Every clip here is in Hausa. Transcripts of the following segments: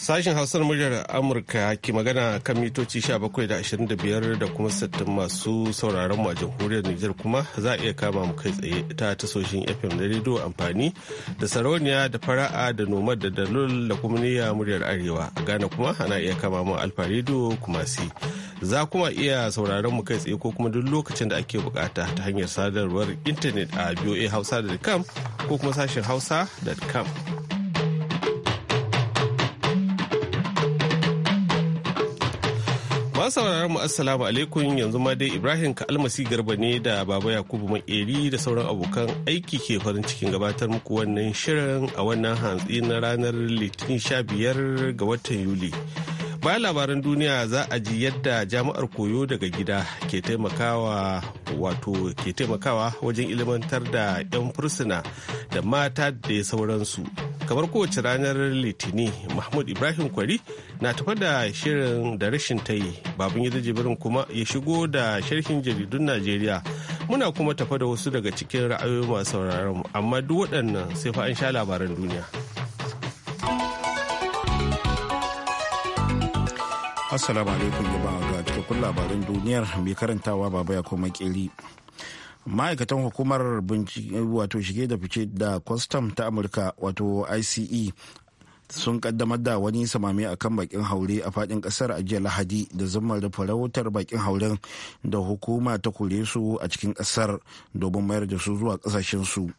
Sashen Hausar muryar Amurka ke magana kan mitoci 17.25 da da kuma sattin masu sauraron mu a jamhuriyar Nijar kuma za a iya kama mu kai tsaye ta tasoshin FM na rediyo amfani da sarauniya da fara'a da noma da dalol da kuma niyya muryar Arewa. A kuma ana iya kama mu alfa rediyo kuma si. Za kuma iya sauraron mu kai tsaye ko kuma duk lokacin da ake bukata ta hanyar sadarwar intanet a voahausa.com ko kuma sashen hausa.com. sauraron mu assalamu alaikum yanzu ma dai Ibrahim ka almasi garba ne da Baba Yakubu Makeri da sauran abokan aiki ke farin cikin gabatar muku wannan shirin a wannan hantsi na ranar Litinin sha biyar ga watan Yuli. Bayan labaran duniya za a ji yadda jami'ar koyo daga gida ke taimakawa wato ke taimakawa wajen ilimantar da 'yan fursuna da mata da sauransu kamar kowace ranar litini mahmud ibrahim kwari na tafa da shirin da rashin ta yi babin yadda jibirin kuma ya shigo da sharhin jaridun najeriya muna kuma tafa da wasu daga cikin ra'ayoyi masu sauraron amma duk waɗannan sai fa an sha labaran duniya assalamu alaikum jama'a ga cikakkun labaran duniyar mai karantawa baba ya koma kili ma'aikatan hukumar wato shige da fice da kwastam ta amurka wato ice sun kaddamar da wani samami a kan bakin haure a fadin kasar a jiya lahadi da zumar da farautar bakin hauren da hukuma ta kore su a cikin kasar domin mayar da su zuwa kasashen su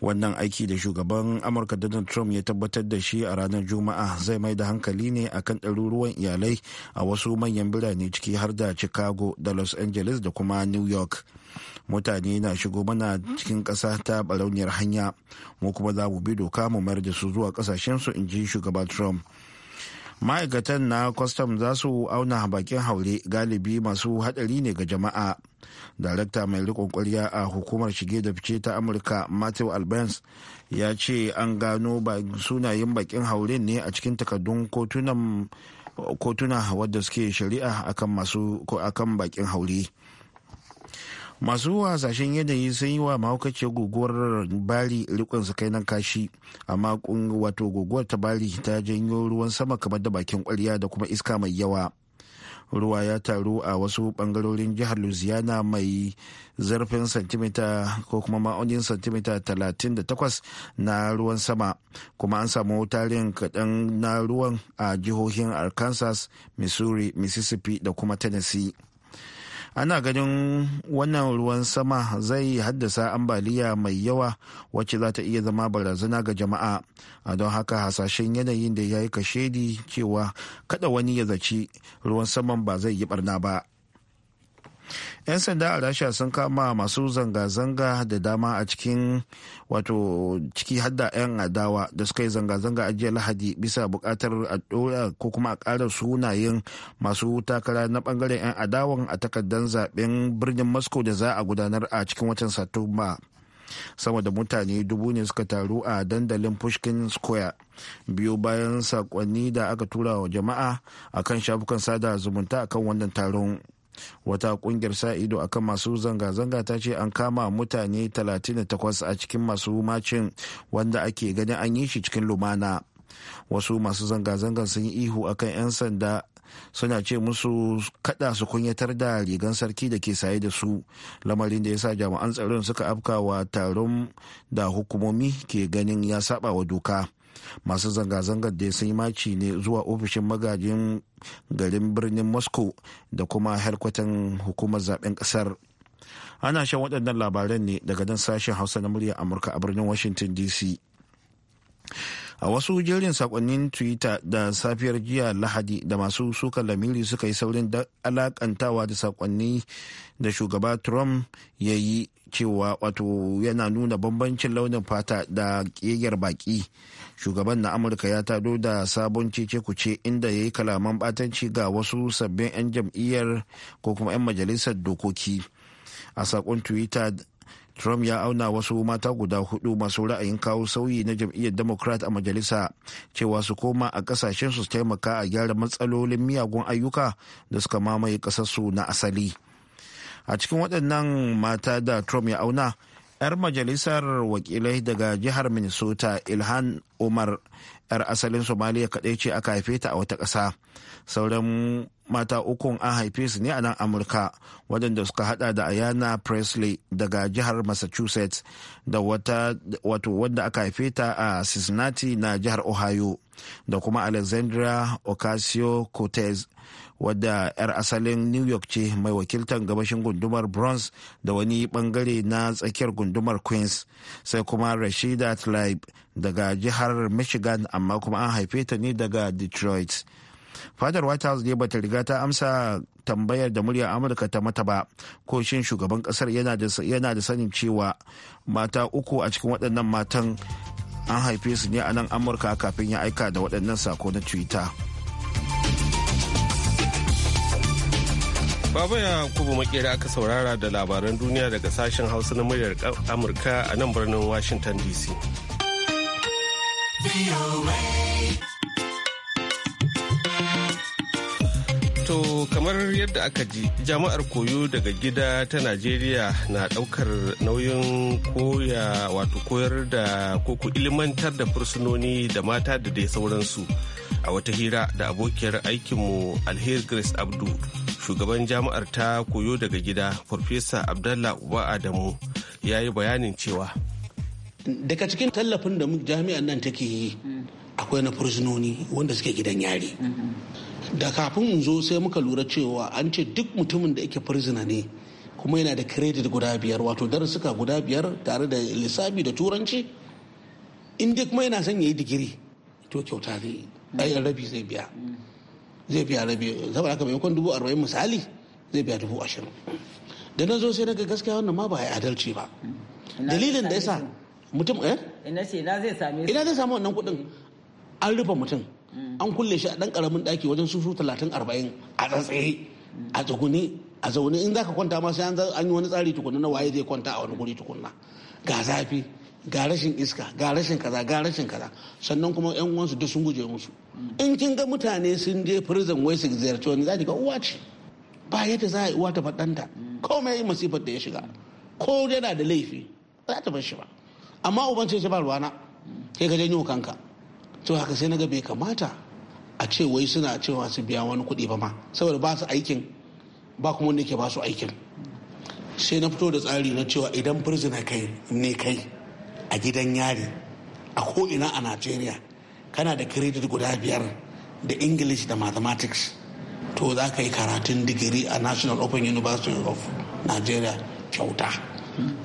wannan aiki da shugaban amurka donald trump ya tabbatar da shi a ranar juma'a zai mai da hankali ne akan ɗaruruwan iyalai a wasu manyan birane ciki har da chicago da los angeles da kuma new york mutane na shigo mana cikin ƙasa ta barauniyar hanya mu kuma za mu bi doka mu mayar da su zuwa ƙasashensu in ji shugaban trump ma'aikatan na kwastam za su auna bakin haure galibi masu hadari ne ga jama'a darakta mai rikon kwarya a hukumar shige da fice ta amurka matthew albans ya ce an gano sunayen bakin haure ne a cikin takardun kotuna wadda suke shari'a akan masu ko haure masu hasashen yanayi sun yi wa mahaukaciyar guguwar bali rikon su kai nan kashi amma wato guguwar ta bali ta janyo ruwan sama kamar da bakin kwarya da kuma iska mai yawa ruwa ya taru a wasu bangarorin jihar louisiana mai zarfin santimita ko kuma ma'aunin santimita 38 na ruwan sama kuma an samu tarin kaɗan na ruwan a jihohin arkansas missouri mississippi da kuma tennessee ana ganin wannan ruwan sama zai haddasa ambaliya mai yawa wacce za ta iya zama barazana ga jama'a a don haka hasashen yanayin da ya yi kashedi cewa kada wani ya zaci ruwan saman ba zai yi barna ba 'yan sanda a rasha sun kama masu zanga-zanga da dama a cikin wato ciki hadda 'yan adawa da suka yi zanga-zanga a jiya lahadi bisa bukatar a ɗora ko kuma a kara sunayen masu takara na bangaren 'yan adawan a takardar zaben birnin moscow da za a gudanar a cikin watan satumba sama da mutane dubu ne suka taru a dandalin pushkin square biyu bayan sakonni da aka tura wa jama'a akan shafukan sada zumunta akan wannan taron wata kungiyar sa ido akan masu zanga-zanga ta ce an kama mutane 38 a cikin masu macin wanda ake ganin an yi shi cikin lumana wasu masu zanga-zangar sun yi ihu akan 'yan sanda suna ce musu kada su kunyatar da rigan sarki da ke saye da su lamarin da ya sa jami'an tsaron suka afkawa taron da hukumomi ke ganin ya saba wa doka masu zanga-zangar da sun yi maci ne zuwa ofishin magajin garin birnin moscow da kuma harkwatan hukumar zaben kasar ana shan waɗannan labaran ne daga nan sashen hausa na murya amurka a birnin washington dc a wasu jerin sakonnin twitter da safiyar jiya lahadi da masu sukan lamiri suka yi saurin alakantawa da sakonni da shugaba trump ya yi cewa wato yana nuna bambancin launin fata da ƙegar baki shugaban na amurka ya tado da sabon cece kuce inda ya yi kalaman batanci ga wasu sabbin 'yan jam'iyyar ko kuma 'yan majalisar dokoki a saƙon twitter trump ya auna wasu mata guda hudu masu ra'ayin kawo sauyi na jam'iyyar democrat a majalisa cewa su koma a kasashen su taimaka a gyara matsalolin miyagun ayyuka da suka mamaye kasarsu na asali a cikin waɗannan mata da trump ya auna 'yar majalisar wakilai daga jihar minnesota ilhan umar 'yar asalin somalia kaɗai ce aka haife ta a wata ƙasa sauran mata ukun an haife su ne a nan amurka waɗanda suka hada da ayana presley daga jihar massachusetts da wata wato wanda aka haife ta a cincinnati na jihar ohio da kuma alexandria ocasio cortez wadda 'yar asalin new york ce mai wakiltar gabashin gundumar bronx da wani bangare na tsakiyar gundumar queens sai kuma rashida tlaib daga jihar michigan amma kuma an haife ta ne daga detroit fadar white house ne bata riga ta amsa tambayar da muryar amurka ta mata ba ko shin shugaban kasar yana da sanin cewa mata uku a cikin waɗannan matan an haife su ne a nan amurka kafin ya aika da waɗannan sako na twitter Baba ya kubu makera aka saurara da labaran duniya daga sashen hausa na muryar amurka a nan birnin washington dc. To kamar yadda aka ji jami'ar koyo daga gida ta Najeriya na daukar nauyin koya wato koyar da koko ilimantar da fursunoni da mata da dai sauransu. A wata hira da abokiyar aikinmu Alheri Grace Abdu, shugaban jami'ar ta koyo daga gida, Farfesa Abdallah Uba Adamu ya yi bayanin cewa. Daga cikin tallafin da jami'an nan take yi. akwai na fursunoni wanda suke gidan yari da kafin in zo sai muka lura cewa an ce duk mutumin da yake fursuna ne kuma yana da kredit guda biyar wato darussuka guda biyar tare da lissafi da turanci in kuma yana son ya yi digiri to kyauta zai ayin rabi zai biya zai biya rabi saboda haka maimakon dubu arba'in misali zai biya dubu ashirin da na zo sai na ga gaskiya wannan ma ba ya adalci ba dalilin da sa mutum eh ina zai same ina zai samu wannan kuɗin an rufe mutum an kulle shi a dan karamin daki wajen susu talatin arba'in a tsatsaye a tsugune a zaune in zaka kwanta ma sai an yi wani tsari tukunna na waye zai kwanta a wani guri tukunna ga zafi ga rashin iska ga rashin kaza ga rashin kaza sannan kuma yan uwansu duk sun guje musu in kin ga mutane sun je prison wai su ziyarci wani za ki ga uwa ce ba yadda za a yi uwa ta faɗanta komai masifar da ya shiga ko yana da laifi za ta bar shi ba amma uban ce shi ba ruwana sai ka janyo kanka to haka sai naga bai kamata a ce wai suna cewa su biya wani kuɗi ba ma saboda ba su aikin ba kuma wanda ke ba su aikin sai na fito da tsari na cewa idan firzina kai ne kai a gidan yari a ko ina a najeriya kana da kiredit guda biyar da english da mathematics to za ka yi karatun digiri a national open university of nigeria kyauta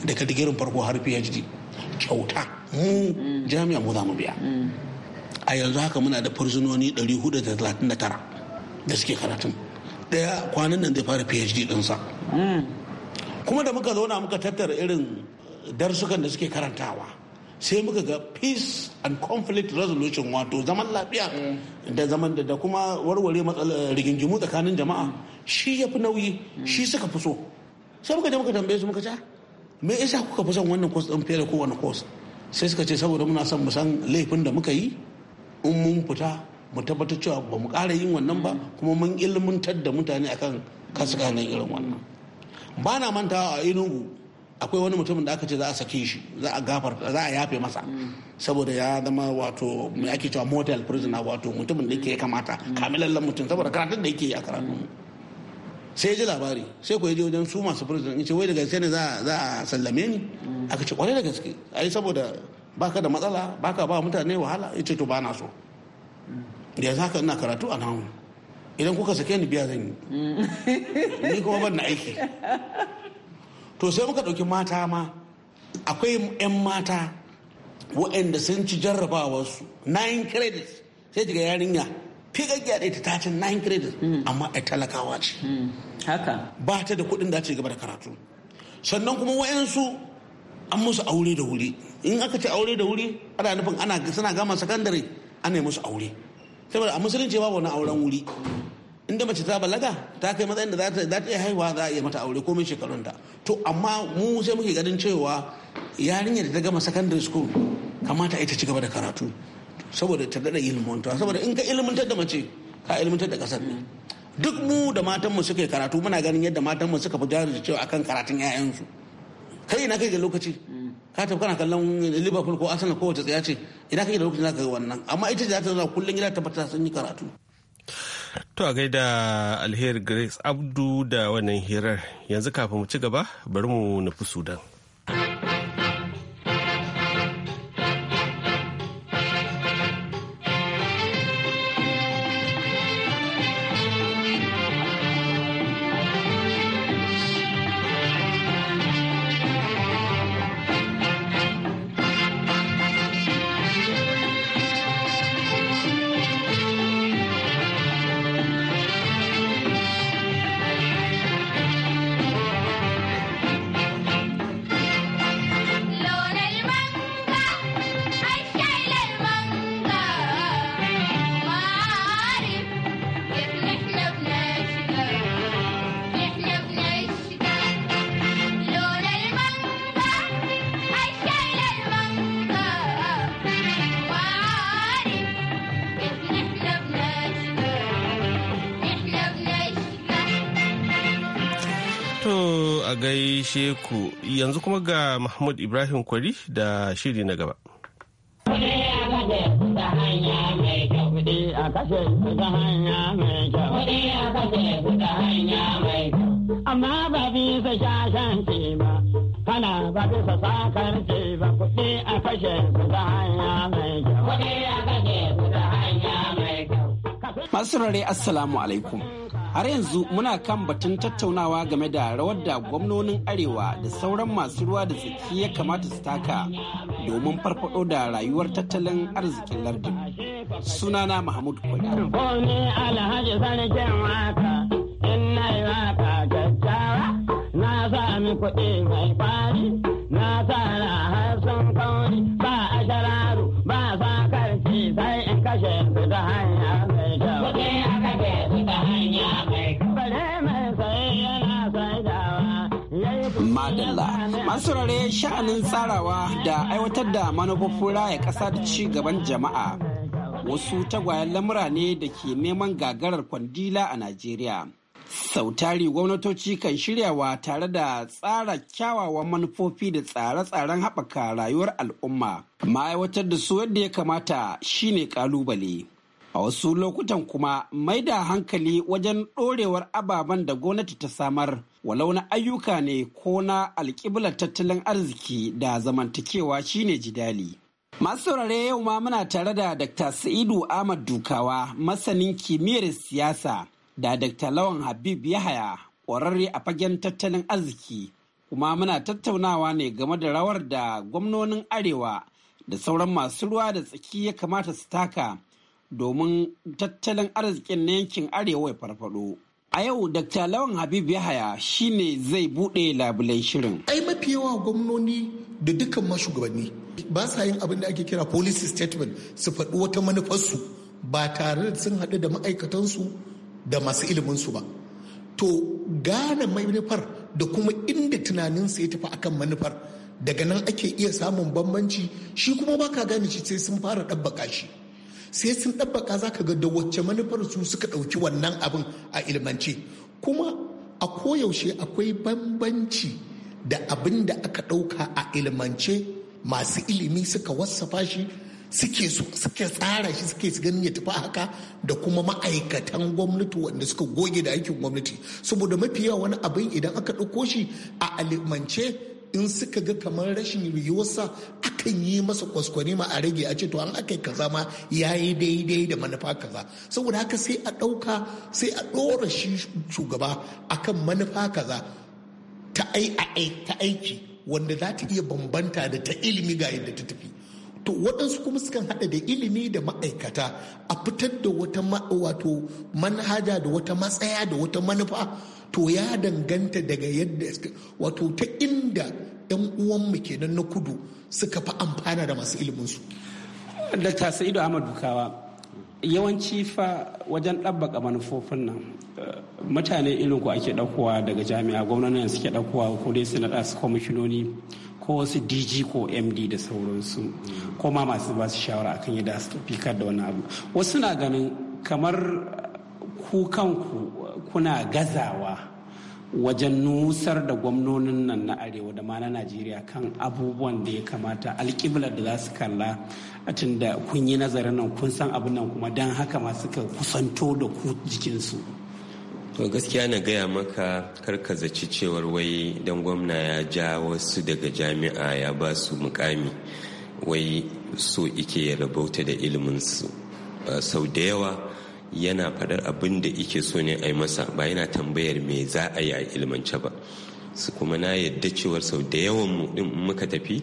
daga digirin farko har phd kyauta mu jami'a mu za mu biya a yanzu haka muna da fursunoni 439 da suke karatun daya kwanan nan zai fara phd dinsa hmm. kuma da muka zauna muka tattara irin darsukan da suke karantawa sai muka ga peace and conflict resolution wato zaman lafiya eh. da zaman da kuma warware eh, rigingimu tsakanin jama'a shi ya fi nauyi hmm. shi suka fi so sai muka je muka tambaye su muka ce ah, me isa kuka fi son wannan kwas din fere kowane kwas sai suka ce saboda muna son mu san laifin da muka yi in mun fita mu tabbatar cewa ba mu ƙara yin wannan ba kuma mun ilmantar da mutane akan kasukanin irin wannan ba na mantawa a inugu akwai wani mutumin da aka ce za a sake shi za a gafar za a yafe masa saboda ya zama wato mai ake cewa motel prisoner wato mutumin da yake ya kamata kamilallen mutum saboda karatun da yake a karatun sai ya ji labari sai ko ya je wajen su masu prisoner ce wai da gaske ne za a sallame ni aka ce kwarai da gaske ai saboda baka da matsala baka ba mutane wahala ya ce to ba na so da yanzu haka ina karatu a nan idan kuka sake ni biya zan yi mm. ni kuma ban na aiki to sai muka ɗauki mata ma akwai 'yan mata waɗanda sun ci jarrabawarsu 9 credits sai daga yarinya figaggiya ɗaya ta ci 9 credits mm. amma a talakawa ce mm. haka ba ta da kuɗin da ce gaba da karatu sannan kuma wayansu an musu aure da wuri in aka ce aure da wuri ana nufin ana suna gama sakandare ana yi musu aure saboda a musulunci babu wani auren wuri inda mace ta balaga ta kai matsayin da za ta iya haihuwa za a iya mata aure komai ta to amma mu sai muke ganin cewa yarinyar da ta gama sakandare school kamata ita ci gaba da karatu saboda ta daɗa ta saboda in ka ilmantar da mace ka ilmantar da ƙasar ne duk mu da matanmu suka yi karatu muna ganin yadda matanmu suka fi cewa akan karatun 'ya'yansu kai ina kai ga lokaci ka tafi kana kallon liverpool ko arsenal kowace tsaya ce ina kai da za na ga wannan amma ita za ta zauna kullum gida tabbata sun yi karatu to a gaida alheri grace abdu da wannan hirar yanzu kafin mu ci gaba bari mu nufi sudan gaishe ku yanzu kuma ga Mahmud Ibrahim Kwari da shiri na gaba. Amma ba bisa shashanci ba, kana ba bisa sakarci ba, kuɗi a kashe su ta hanya mai kyau. Masu rare Assalamu alaikum. Har yanzu muna kan batun tattaunawa game da rawar da gwamnonin Arewa da sauran masu ruwa da tsaki ya kamata su taka domin farfado da rayuwar tattalin arzikin lardin. Sunana Mahmud Kwada. Alhaji sarkin waka, ina yi waka gaggawa. na sa mi kuɗi mai fari na sa na harsun kauri ba a shararu ba sa karfi sai in kashe su ta hanya mai kyau. madalla masu sha'anin tsarawa da aiwatar da manufofin raya ƙasa da ci gaban jama'a wasu tagwayen lamura ne da ke neman gagarar kwandila a najeriya sautari gwamnatoci kan shirya wa tare da tsara kyawawan manufofi da tsare-tsaren haɓaka rayuwar al'umma ma'aiwatar da su yadda ya kamata shine ƙalubale. A wasu lokutan kuma mai da hankali wajen ɗorewar ababen da gwamnati ta samar, walau na ayyuka ne ko na alƙiblar tattalin arziki da zamantakewa shine jidali. Masu saurare yau ma muna tare da Dr. Sa'idu Ahmad Dukawa, masanin kimiyyar siyasa, da Dr. Lawan Habib Yahaya, ƙwararre a fagen tattalin arziki. Kuma muna tattaunawa ne game da rawar da gwamnonin Arewa da sauran masu ruwa da tsaki ya kamata su taka. domin tattalin arzikin na yankin arewa ya farfado. A yau Dr. Lawan Habib Yahaya shi ne zai buɗe labulen shirin. Ai mafi yawa gwamnoni da dukkan mashugabanni ba sa yin abin da ake kira policy statement su faɗi wata manufarsu ba tare da sun haɗu da ma'aikatansu da masu iliminsu ba. To gane manufar da kuma inda tunaninsu ya tafi akan manufar daga nan ake iya samun bambanci shi kuma baka gane shi sai sun fara ɗabbaka shi. sai sun ɗabbaka za ka ga da wacce manufar su suka ɗauki wannan abin a ilmance kuma a koyaushe akwai bambanci da abin da aka ɗauka a ilmance masu ilimi suka wasafa shi suke tsara shi suke ganin ya tafi haka da kuma ma'aikatan gwamnati wanda suka goge da aikin gwamnati saboda mafi yawa wani abin idan aka ɗauko shi a alimance in suka ga kamar rashin yiwuwarsa akan yi masa kwaskwari ma a rage a ce to an aka kaza ma ya yi daidai da manufa kaza saboda haka sai a ɗauka sai a ɗora shi shugaba akan manufa kaza ta aiki wanda za ta iya bambanta da ta ilimi ga yadda ta tafi to waɗansu kuma sukan haɗa da ilimi da ma'aikata a fitar da wata wato manhaja da wata matsaya da wata manufa to ya danganta daga yadda wato ta inda 'yan uwanmu kenan na kudu suka fi amfana da masu iliminsu. Dr. Sa'idu Ahmad kawa yawanci fa wajen ɗabbaka manufofin nan eh, mutane irin ku ake ɗaukowa daga jami'a gwamnati yanzu suke ɗaukowa ko dai su naɗa su kwamishinoni ko wasu dg ko md da sauransu ko ma masu ba su shawara akan yadda su fikar da wani abu wasu na ganin kamar ku kanku kuna gazawa wajen nusar da gwamnonin nan na arewa da ma na najeriya kan abubuwan da ya kamata alƙiblar da za su kalla a tun da kun yi nazarin nan kun san abin nan kuma don haka ma suka kusanto da ku jikinsu to gaskiya na gaya maka zaci cewar wai don gwamna ya ja wasu daga jami'a ya ba su mukami wai so ike ya rabauta da su sau da yawa yana faɗar abin da ike so ne a yi masa ba yana tambayar me za a yi a ilmance ba su kuma na yadda cewar sau da yawan mu din muka tafi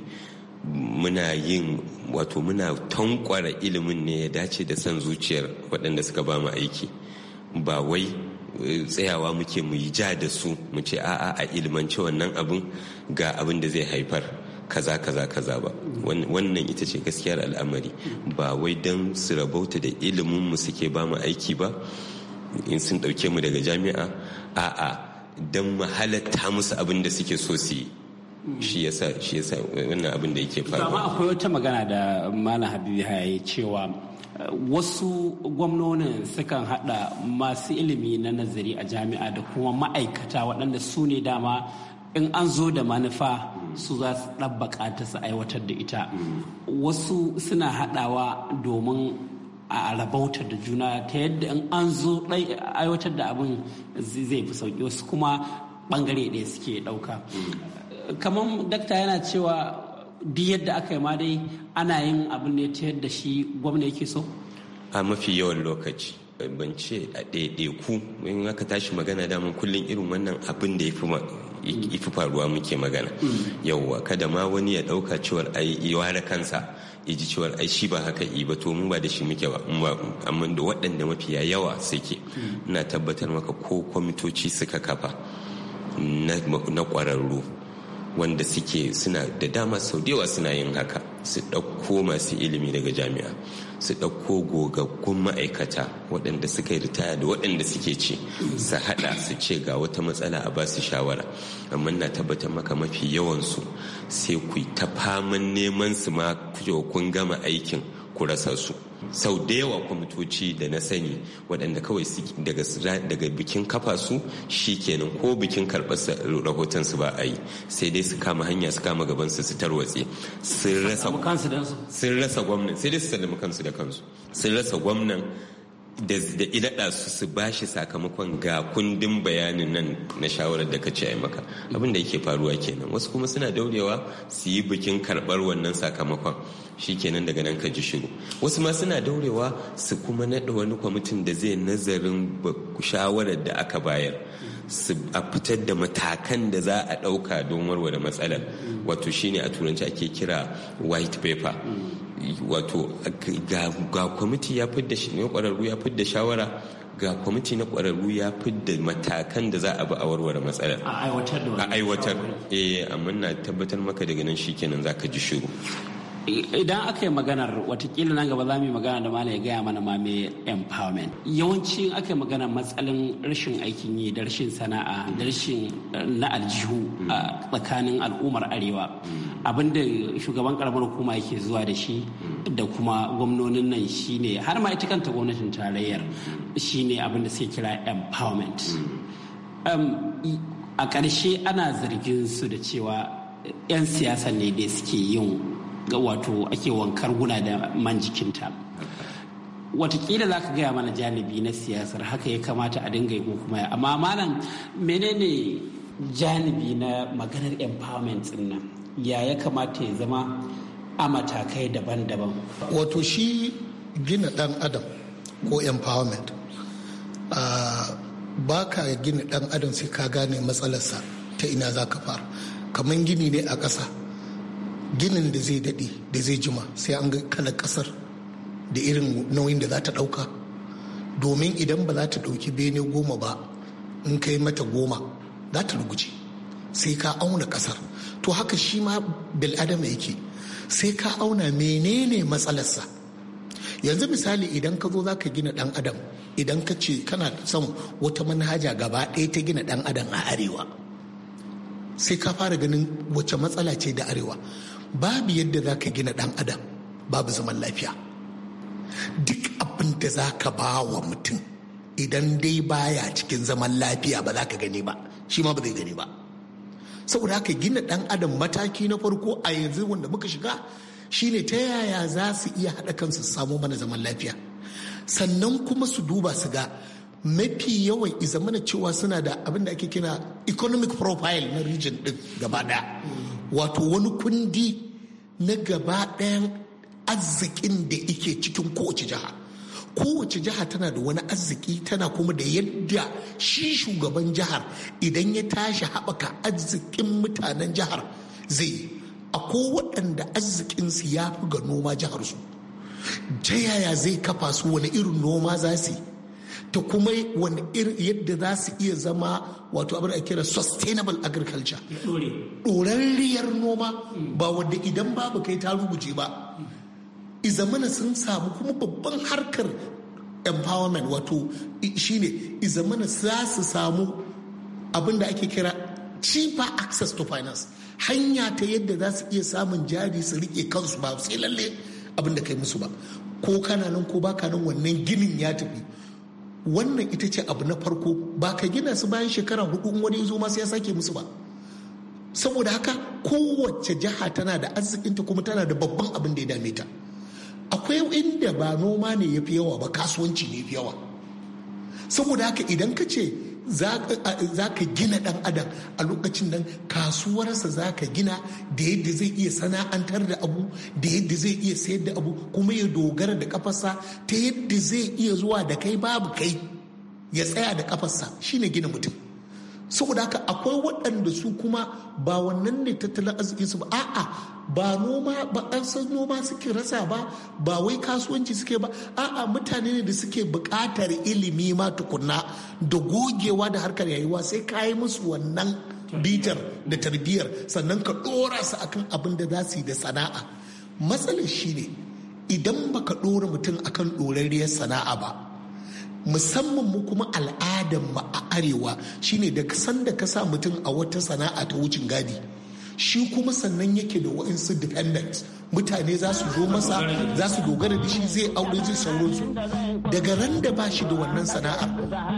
muna yin wato muna tankwara ilimin ne ya dace da san zuciyar waɗanda suka ba mu aiki ba wai eh, tsayawa muke mu yi ja da su mu ce a'a a ilmance wannan abin ga abin da zai haifar kaza kaza kaza ba wannan ita ce gaskiyar al'amari ba wai don su rabauta da ilimin mu suke ba mu aiki ba in sun ɗauke mu daga jami'a a'a don mu halatta musu abin da suke so su yi shi yasa shi yasa wannan abin da yake faruwa amma akwai wata magana da malam habibu ya cewa wasu gwamnonin sukan hada masu ilimi na nazari a jami'a da kuma ma'aikata waɗanda su ne dama in an zo da manufa su za su ɗabbaƙa ta su aiwatar da ita wasu suna haɗawa domin a rabautar da juna ta yadda in an zo aiwatar da abin zai fi sauƙi wasu kuma ɓangare ɗaya suke ɗauka kamar dakta yana cewa duk yadda aka yi ma dai ana yin abin ne ta yadda shi gwamna yake so a mafi yawan lokaci ban ce a ɗaiɗaiku in aka tashi magana daman kullum irin wannan abin da ya fi ifi faruwa muke magana mm. yauwa kada ma wani ya ɗauka cewar ai ware kansa iji cewar ai shi ba haka yi ba to mu ba da shi muke ba amma da waɗanda mafiya yawa suke mm. ina tabbatar maka ko kwamitoci suka kafa na kwararru wanda suke suna da dama sau da yawa suna yin haka su ɗauko masu ilimi daga jami'a su ɗauko gogaggun ma'aikata waɗanda suka yi ritaya da waɗanda suke ci su haɗa su ce ga wata matsala a ba su shawara amma na tabbatar maka mafi yawansu sai ku ta faman neman su ma kun gama aikin ku rasa su sau da yawa kwamitoci da na sani waɗanda kawai daga bikin kafa su shi kenan ko bikin karɓar rahoton su ba a yi sai dai su kama hanya su kama gaban su su tarwatse sun rasa gwamnan sai dai su sallama kansu da kansu sun rasa gwamnan da ilaɗa su su bashi sakamakon ga kundin bayanin nan na shawarar da kace ai maka abin da yake faruwa kenan wasu kuma suna daurewa su yi bikin karɓar wannan sakamakon shikenan daga nan ka ji shiru wasu ma suna daurewa su kuma naɗa wani kwamitin da zai nazarin shawarar da aka bayar su a fitar da matakan da za a ɗauka don warware matsalar wato shine a turanci ake kira white paper wato ga kwamiti ya fidda na kwararru ya fidda shawara ga kwamiti na kwararru ya fidda matakan da za a bi a warware matsalar a aiwatar a aiwatar eh amma na tabbatar maka daga nan shi kenan za ka ji shiru idan aka yi maganar watakila nan gaba za mu yi magana da malam ya gaya mana ma me empowerment yawanci aka yi magana matsalin rashin aikin yi da rashin sana'a da rashin eh, na aljihu a tsakanin al'ummar arewa abinda shugaban karamar hukuma yake zuwa da shi da kuma gwamnonin nan shine har ma ita kanta gwamnatin tarayyar shine abinda suke kira empowerment a ƙarshe ana zargin su da cewa eh, 'yan siyasa ne da suke yin ga wato ake wankar guna da man jikinta watakila za ka gaya mana janibi na siyasar haka ya kamata a dinga yi ko kuma amma malam menene janibi na maganar empowerment nan ya ya kamata ya zama a matakai daban-daban wato shi gina dan adam ko empowerment ba ka gina dan adam sai ka gane matsalarsa ta ina za ka fara kamar gini ne a ƙasa ginin da zai daɗe da zai jima sai an ga kala ƙasar da irin nauyin da za ta ɗauka domin idan ba za ta ɗauki bene goma ba in kai mata goma za ta ruguje sai ka auna ƙasar to haka shi ma bil'adama yake sai ka auna menene matsalarsa yanzu misali idan ka zo za ka gina ɗan adam idan ka ce kana son wata manhaja gaba ɗaya ta gina ɗan adam a arewa sai ka fara ganin wace matsala ce da arewa babu yadda za ka gina ɗan adam babu zaman lafiya duk abin da za ka ba wa mutum idan dai baya cikin zaman lafiya ba za ka gani ba shi ma ba zai gani ba saboda haka gina ɗan adam mataki na farko a yanzu wanda muka shiga shine ta yaya za su iya haɗa kansu su samu mana zaman lafiya sannan kuma su duba su ga mafi yawan izamana cewa suna da abin da ake kina economic profile na region din gaba daya wato wani kundi na gaba dayan arzikin da ike cikin kowace jiha kowace jiha tana da wani arziki tana kuma da yadda shi shugaban jihar idan ya tashi haɓaka arzikin mutanen jihar zai a akwai waɗanda arzikinsu ya fi ga noma jiharsu ta yaya zai kafa su wani irin noma za su yi ta kuma wani irin yadda za su iya zama wato abin ake kira sustainable agriculture ɗorarriyar noma ba wadda idan babu kai ta rubuce ba izamana sun samu kuma babban harkar empowerment wato shine izamana za su samu abin da ake kira cheaper access to finance hanya ta yadda za su iya samun jari su rike kansu ba sai lalle abin da kai musu ba ko kana nan ko baka nan wannan ginin ya tafi wannan ita ce abu na farko ba ka gina su bayan shekara hudu wani zo masu ya sake musu ba saboda haka kowace jiha tana da arzikinta kuma tana da babban abin da ya dame ta akwai inda ba noma ne ya fi yawa ba kasuwanci ne ya fi yawa saboda haka idan ka ce za ka gina dan adam a lokacin nan kasuwarsa za ka gina da yadda zai iya sana'antar da abu da yadda zai iya sayar da abu kuma ya dogara da kafarsa ta yadda zai iya zuwa da kai babu kai ya tsaya da kafarsa shine gina mutum saboda haka akwai waɗanda su kuma ba wannan ne tattalin arziki su ba a'a ba noma ba an san noma suke rasa ba ba wai kasuwanci suke ba a'a mutane ne da suke buƙatar ilimi ma tukunna da gogewa da harkar yayuwa sai ka yi musu wannan bitar da tarbiyyar sannan ka ɗora su akan abin da za su yi da sana'a matsalar shi ne idan baka ɗora mutum akan ɗorarriyar sana'a ba musamman mu kuma al'adar mu a arewa shine da da ka sa mutum a wata sana'a ta wucin gadi shi kuma sannan yake da wa'insu dependent mutane za su zo masa za su dogara da shi zai aure zai sauransu daga ran da ba shi da wannan sana'a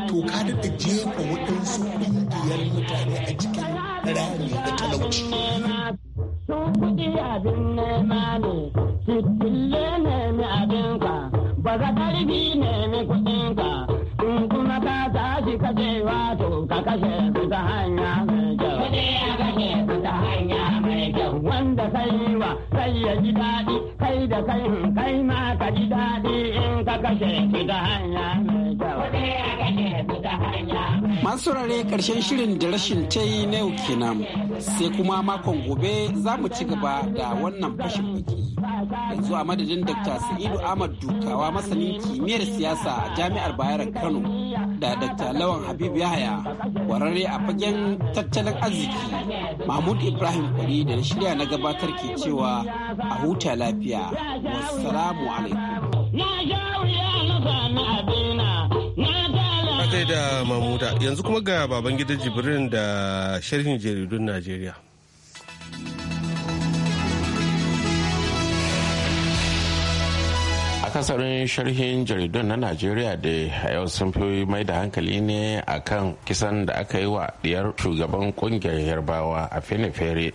to ka da jefa waɗansu ƙungiyar mutane a cikin rami da talauci ji daɗi ji daɗi in ka kashe su Masu saurare ƙarshen shirin da rashin ta yi na yau kenan sai kuma makon gobe za mu ci gaba da wannan fashin baki. Yanzu a madadin Dr. Sa'idu Ahmad Dukawa masanin kimiyyar siyasa a Jami'ar Bayar Kano. da Dr. Lawan Habib Yahaya kwararre a fagen tattalin arziki Mahmud Ibrahim Kwari da na shirya na gabatar ke cewa a huta lafiya. Wassalamu alaikum. Na da Mahmuda, yanzu kuma ga Babangida, gidan Jibrin da sharhin jaridun Najeriya. akasarin sharhin jaridun na najeriya da a yau sun fi mai da hankali ne akan kisan da aka yi wa diyar shugaban kungiyar yarbawa a fene-fere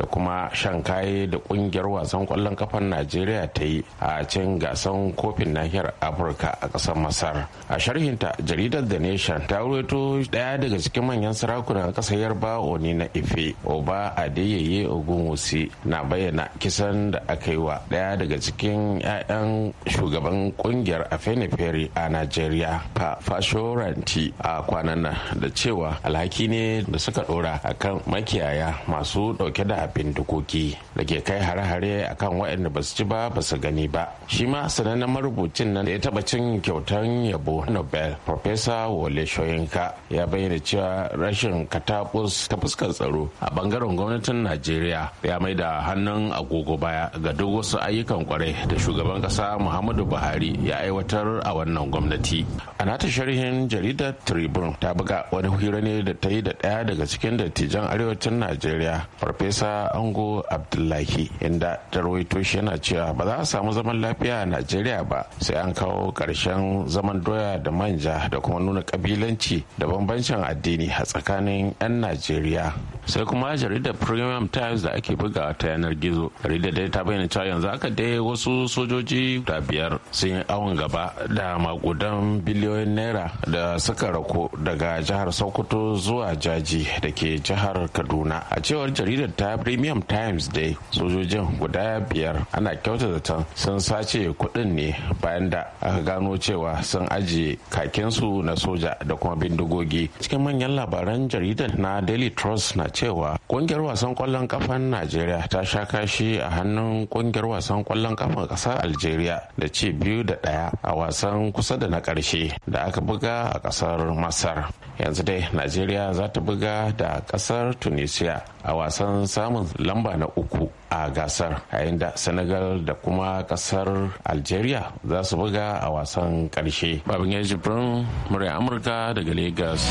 da kuma shan kaye da kungiyar wasan kwallon kafan najeriya ta yi a cin gasan kofin nahiyar afirka a ƙasar masar a sharhinta jaridar the nation ta ruwaito ɗaya daga cikin manyan sarakunan ƙasar yarba oni na ife oba adeyeye ogunwusi na bayyana kisan da aka yi wa ɗaya daga cikin 'ya'yan shugaban kungiyar afeniferi a najeriya fa fashoranti a kwanan nan da cewa alhaki ne da suka ɗora akan makiyaya masu ɗauke da dukoki da ke kai hare-hare kan waɗanda ba su ci ba ba su gani ba shi ma sanannen marubucin nan da ya taɓa cin kyautan yabo nobel profesa wole shoyinka ya bayyana cewa rashin katabus ta fuskar tsaro a bangaren gwamnatin najeriya ya mai da hannun agogo baya ga duk wasu ayyukan kwarai da shugaban kasa muhammadu buhari ya aiwatar a wannan gwamnati a nata sharhin jaridar tribune ta buga wani hira ne da ta yi da ɗaya daga cikin dattijan arewacin najeriya farfesa ango abdullahi inda ta rawaito shi yana cewa ba za a samu zaman lafiya a najeriya ba sai an kawo ƙarshen zaman doya da manja da kuma nuna ƙabilanci da bambancin addini a tsakanin 'yan najeriya sai kuma jaridar premium times da ake buga ta yanar gizo jaridar dai ta bayyana cewa yanzu aka dai wasu sojoji da biyar sun yi awon gaba da makudan biliyoyin naira da suka rako daga jihar sokoto zuwa jaji da ke jihar kaduna a cewar jaridar ta premium times dai sojojin guda biyar ana kyauta zaton sun sace kuɗin ne bayan da aka gano cewa sun ajiye kakinsu na soja da kuma bindigogi cikin manyan labaran jaridar na daily trust na cewa kungiyar wasan kwallon kafan najeriya ta sha kashi a hannun kungiyar wasan kwallon kafan kasar algeria da ci biyu da ɗaya a wasan kusa da na ƙarshe da aka buga a ƙasar masar yanzu dai najeriya za ta buga da ƙasar tunisia a wasan samun samun lamba na uku a gasar yayin da senegal da kuma kasar algeria za su buga a wasan karshe babin ya firin murya amurka daga lagos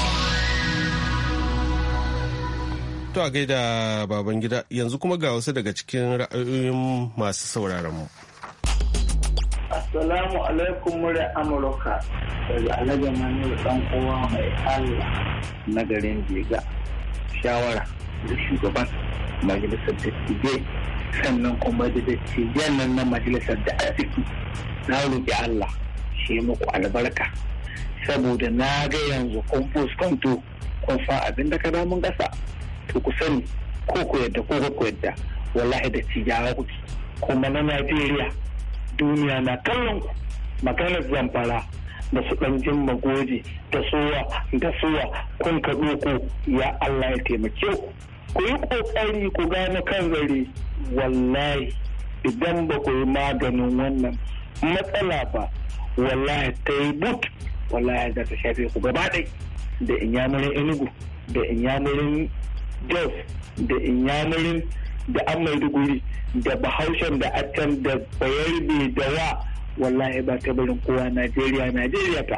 to a gaida baban gida yanzu kuma ga wasu daga cikin ra'ayoyin masu sauraron mu Assalamu alaikum murya Amurka daga Alhaji Manir dan uwa mai Allah na garin Jiga. Shawara shugaban majalisar dattijai sannan kuma da dattijan nan na majalisar da arziki na roƙi Allah shi maku muku albarka saboda na ga yanzu kun fuskanto kun fa abin da ka damun ƙasa to ku sani ko ku yadda ko ku yadda wallahi da tijawa kuma na Najeriya duniya na kallon ku maganar zamfara da su ɗan jin magoji da soya da soya kun ka ɗoko ya Allah ya taimake ku yi ƙoƙari ku gane kan gari wallahi idan ba ku yi maganin wannan matsala ba wallahi ta yi but wallahi za ta shafe ku gaba ɗai da inyamurin enugu da inyamurin jos da inyamurin da an maiduguri da bahaushen da acan da bayarbe da wa wallahi ba ta barin kowa najeriya najeriya ta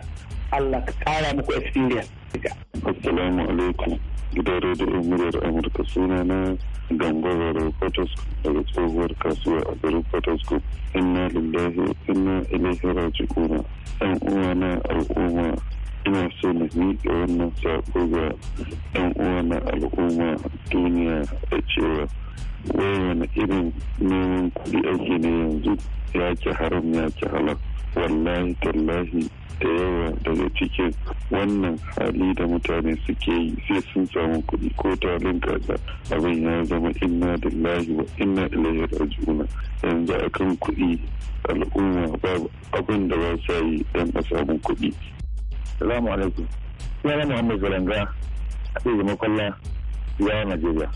allah ka kara muku asirya. assalamu alaikum gidan rediyo muryar amurka suna na gangazar photoscope daga tsohuwar kasuwa a garin photoscope inna lillahi inna ilaihi raji'una yan uwa na al'umma ina so na miƙa wannan saƙo ga ɗan uwa na al'umma duniya a cewa wani irin neman kuɗi ake ne yanzu ya ki haram ya ki halal wallahi tallahi da yawa daga cikin wannan hali da mutane suke yi sai sun samu kuɗi ko talin kaza abin ya zama inna da lahi wa inna ilaihi raji'un yanzu akan kuɗi al'umma babu abin da ba sa yi don a samu kuɗi salamu alaikum yana muhammad zalanga a ce zama kwalla yawon najeriya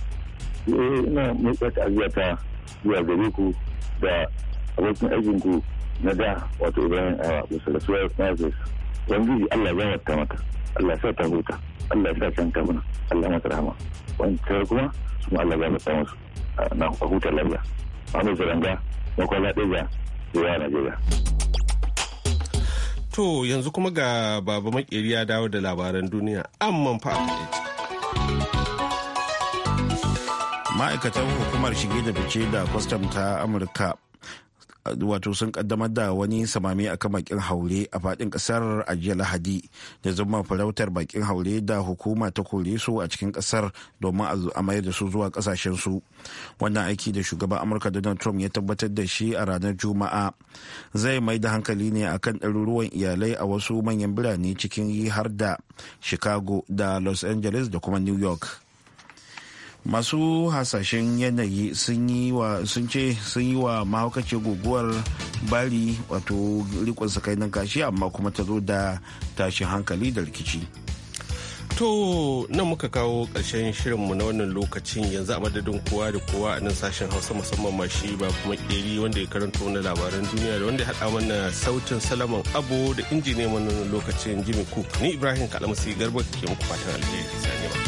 eh ina mutsa ta'aziyya ta zuwa gare ku da abokin aikin ku na da wato ibrahim a bisa da suwayar nazis wangiji allah ya zama ta mata allah sa ta huta allah sa can ta Allah allah mata rahama wancan kuma su allah ya wata musu na huta lafiya muhammad zalanga na kwalla ɗaya zuwa najeriya. To yanzu kuma ga baba makeri ya dawo da labaran duniya amman fa Ma'aikatan hukumar shige da fice da kwastam ta Amurka wato sun kaddamar da wani samami a kan bakin haure a fadin kasar a jiya lahadi da zama farautar bakin haure da hukuma ta kore su a cikin kasar domin a mayar da su zuwa kasashen su wannan aiki da shugaban amurka donald trump ya tabbatar da shi a ranar juma'a zai mai da hankali ne akan ɗaruruwan iyalai a wasu manyan birane cikin har da chicago da los angeles da kuma new york masu hasashen yanayi sun ce sun yi wa mahaukacin guguwar bari wato rikon nan kashi amma kuma ta zo da tashin hankali da rikici to nan muka kawo ƙarshen shirinmu na wannan lokacin yanzu a madadin kowa da kowa a nan sashen hausa musamman ma shi ba kuma ƙeri wanda ya karanta wani labaran duniya da wanda ya haɗa mana sautin salaman abu da injiniyan wannan lokacin jimmy cook ni ibrahim kalamasi garba ke muku fatan alheri sani ba